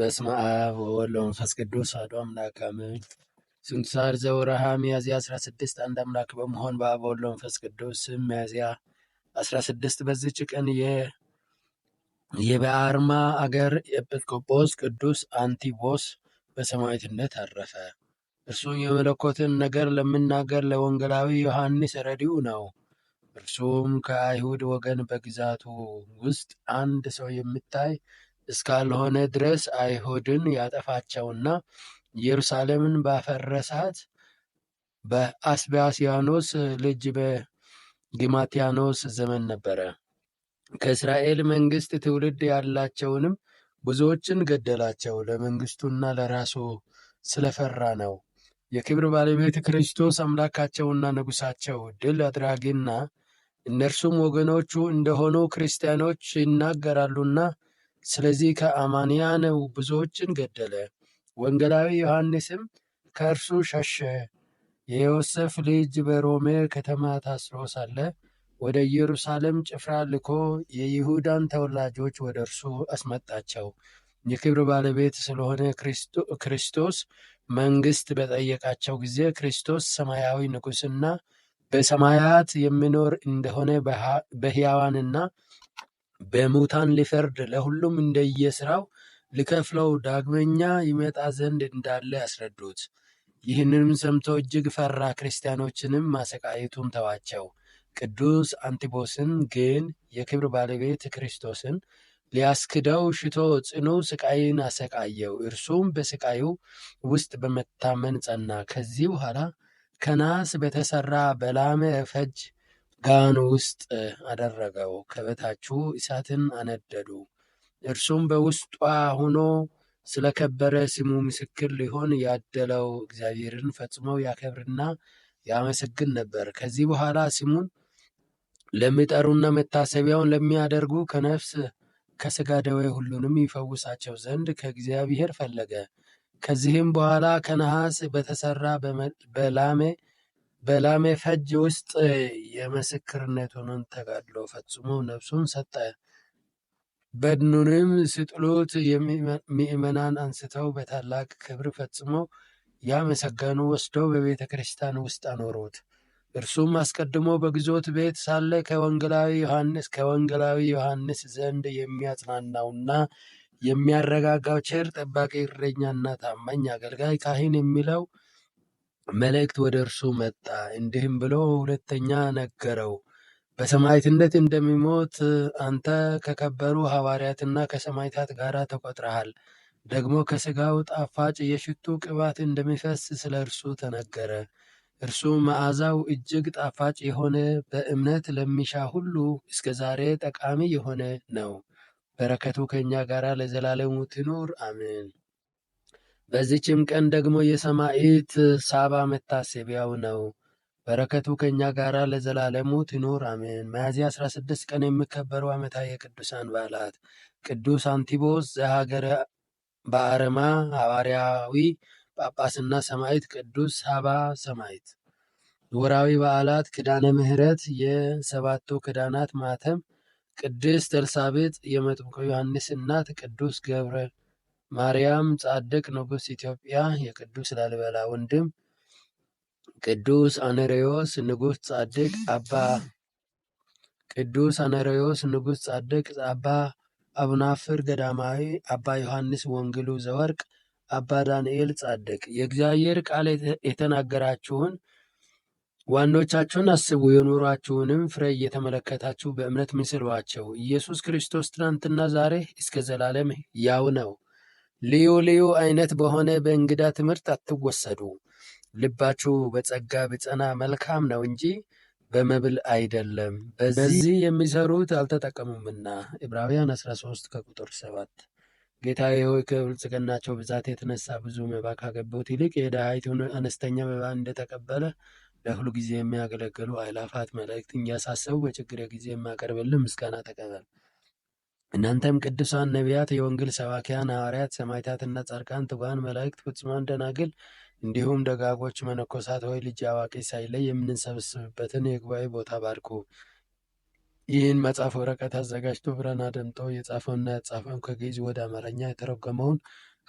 በስመ አብ ወወልድ ወመንፈስ ቅዱስ አሐዱ አምላክ አሜን። ስንክሳር ዘወርኃ ሚያዝያ 16 አንድ አምላክ በመሆን በአብ ወወልድ ወመንፈስ ቅዱስ ስም ሚያዝያ 16 በዚች ቀን የበአርማ አገር ኤጲስቆጶስ ቅዱስ አንቲቦስ በሰማዕትነት አረፈ። እርሱ የመለኮትን ነገር ለምናገር ለወንጌላዊ ዮሐንስ ረድኡ ነው። እርሱም ከአይሁድ ወገን በግዛቱ ውስጥ አንድ ሰው የምታይ እስካልሆነ ድረስ አይሁድን ያጠፋቸውና ኢየሩሳሌምን ባፈረሳት በአስባስያኖስ ልጅ በግማትያኖስ ዘመን ነበረ። ከእስራኤል መንግስት ትውልድ ያላቸውንም ብዙዎችን ገደላቸው። ለመንግስቱና ለራሱ ስለፈራ ነው። የክብር ባለቤት ክርስቶስ አምላካቸውና ንጉሳቸው ድል አድራጊና እነርሱም ወገኖቹ እንደሆኑ ክርስቲያኖች ይናገራሉና ስለዚህ ነው ብዙዎችን ገደለ። ወንጌላዊ ዮሐንስም ከእርሱ ሸሸ። የዮሴፍ ልጅ በሮሜ ከተማ ታስሮ ሳለ ወደ ኢየሩሳሌም ጭፍራ ልኮ የይሁዳን ተወላጆች ወደ እርሱ አስመጣቸው። የክብር ባለቤት ስለሆነ ክርስቶስ መንግሥት በጠየቃቸው ጊዜ ክርስቶስ ሰማያዊ ንጉሥና በሰማያት የሚኖር እንደሆነ በሕያዋንና በሙታን ሊፈርድ ለሁሉም እንደየስራው ሊከፍለው ዳግመኛ ይመጣ ዘንድ እንዳለ ያስረዱት ይህንንም ሰምቶ እጅግ ፈራ። ክርስቲያኖችንም ማሰቃየቱን ተዋቸው። ቅዱስ አንቲቦስን ግን የክብር ባለቤት ክርስቶስን ሊያስክደው ሽቶ ጽኑ ስቃይን አሰቃየው። እርሱም በስቃዩ ውስጥ በመታመን ጸና። ከዚህ በኋላ ከናስ በተሰራ በላመ ፈጅ ጋን ውስጥ አደረገው፣ ከበታችሁ እሳትን አነደዱ። እርሱም በውስጧ ሆኖ ስለከበረ ስሙ ምስክር ሊሆን ያደለው እግዚአብሔርን ፈጽመው ያከብርና ያመሰግን ነበር። ከዚህ በኋላ ስሙን ለሚጠሩና መታሰቢያውን ለሚያደርጉ ከነፍስ ከስጋ ደዌ ሁሉንም ይፈውሳቸው ዘንድ ከእግዚአብሔር ፈለገ። ከዚህም በኋላ ከነሐስ በተሰራ በላሜ በላሜ ፈጅ ውስጥ የምስክርነቱንም ተጋድሎ ፈጽሞ ነፍሱን ሰጠ። በድኑንም ሲጥሉት ምዕመናን አንስተው በታላቅ ክብር ፈጽሞ ያመሰገኑ ወስደው በቤተ ክርስቲያን ውስጥ አኖሩት። እርሱም አስቀድሞ በግዞት ቤት ሳለ ከወንጌላዊ ዮሐንስ ከወንጌላዊ ዮሐንስ ዘንድ የሚያጽናናውና የሚያረጋጋው ቸር ጠባቂ እረኛና ታማኝ አገልጋይ ካህን የሚለው መልእክት ወደ እርሱ መጣ፣ እንዲህም ብሎ ሁለተኛ ነገረው። በሰማዕትነት እንደሚሞት አንተ ከከበሩ ሐዋርያትና ከሰማዕታት ጋር ተቆጥረሃል። ደግሞ ከሥጋው ጣፋጭ የሽቱ ቅባት እንደሚፈስ ስለ እርሱ ተነገረ። እርሱ መዓዛው እጅግ ጣፋጭ የሆነ በእምነት ለሚሻ ሁሉ እስከ ዛሬ ጠቃሚ የሆነ ነው። በረከቱ ከእኛ ጋር ለዘላለሙ ትኑር አሜን። በዚችም ቀን ደግሞ የሰማዕት ሳባ መታሰቢያው ነው። በረከቱ ከእኛ ጋር ለዘላለሙ ትኑር አሜን። ሚያዝያ 16 ቀን የሚከበሩ ዓመታዊ የቅዱሳን በዓላት ቅዱስ አንቲቦስ ዘሀገረ በአረማ ሐዋርያዊ ጳጳስና ሰማዕት፣ ቅዱስ ሳባ ሰማዕት። ወርሃዊ በዓላት ኪዳነ ምሕረት የሰባቱ ኪዳናት ማኅተም፣ ቅድስት ኤልሳቤጥ የመጥምቁ ዮሐንስ እናት፣ ቅዱስ ገብረ ማርያም ጻድቅ ንጉሥ ኢትዮጵያ የቅዱስ ላሊበላ ወንድም ቅዱስ አነሬዎስ ንጉሥ ጻድቅ አባ ቅዱስ አነሬዎስ ንጉሥ ጻድቅ አባ አቡናፍር ገዳማዊ አባ ዮሐንስ ወንግሉ ዘወርቅ አባ ዳንኤል ጻድቅ የእግዚአብሔር ቃል የተናገራችሁን ዋኖቻችሁን አስቡ፣ የኑሯችሁንም ፍሬ እየተመለከታችሁ በእምነት ምስሏቸው። ኢየሱስ ክርስቶስ ትናንትና ዛሬ እስከ ዘላለም ያው ነው። ልዩ ልዩ አይነት በሆነ በእንግዳ ትምህርት አትወሰዱ። ልባችሁ በጸጋ ብጸና መልካም ነው እንጂ በመብል አይደለም፣ በዚህ የሚሰሩት አልተጠቀሙምና። ዕብራውያን 13 ከቁጥር 7 ጌታዬ ሆይ ከብልጽግናቸው ብዛት የተነሳ ብዙ መባ ካገቡት ይልቅ የድሃይቱን አነስተኛ መባ እንደተቀበለ ለሁሉ ጊዜ የሚያገለግሉ አእላፋት መላእክት እያሳሰቡ በችግር ጊዜ የማቀርብልን ምስጋና ተቀበል። እናንተም ቅዱሳን ነቢያት፣ የወንጌል ሰባኪያን ሐዋርያት፣ ሰማዕታትና ጻድቃን፣ ትጉሃን መላእክት፣ ፍጹማን ደናግል እንዲሁም ደጋጎች መነኮሳት ሆይ ልጅ አዋቂ ሳይለይ የምንሰበስብበትን የጉባኤ ቦታ ባርኩ። ይህን መጽሐፍ ወረቀት አዘጋጅቶ ብራና አደምጦ የጻፈውና ያጻፈው ከግዕዝ ወደ አማርኛ የተረጎመውን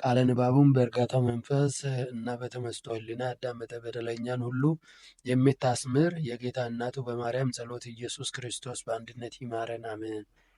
ቃለ ንባቡን በእርጋታ መንፈስ እና በተመስጦ ሕሊና ያዳመጠ በደለኛን ሁሉ የምታስምር የጌታ እናቱ በማርያም ጸሎት ኢየሱስ ክርስቶስ በአንድነት ይማረን፣ አሜን።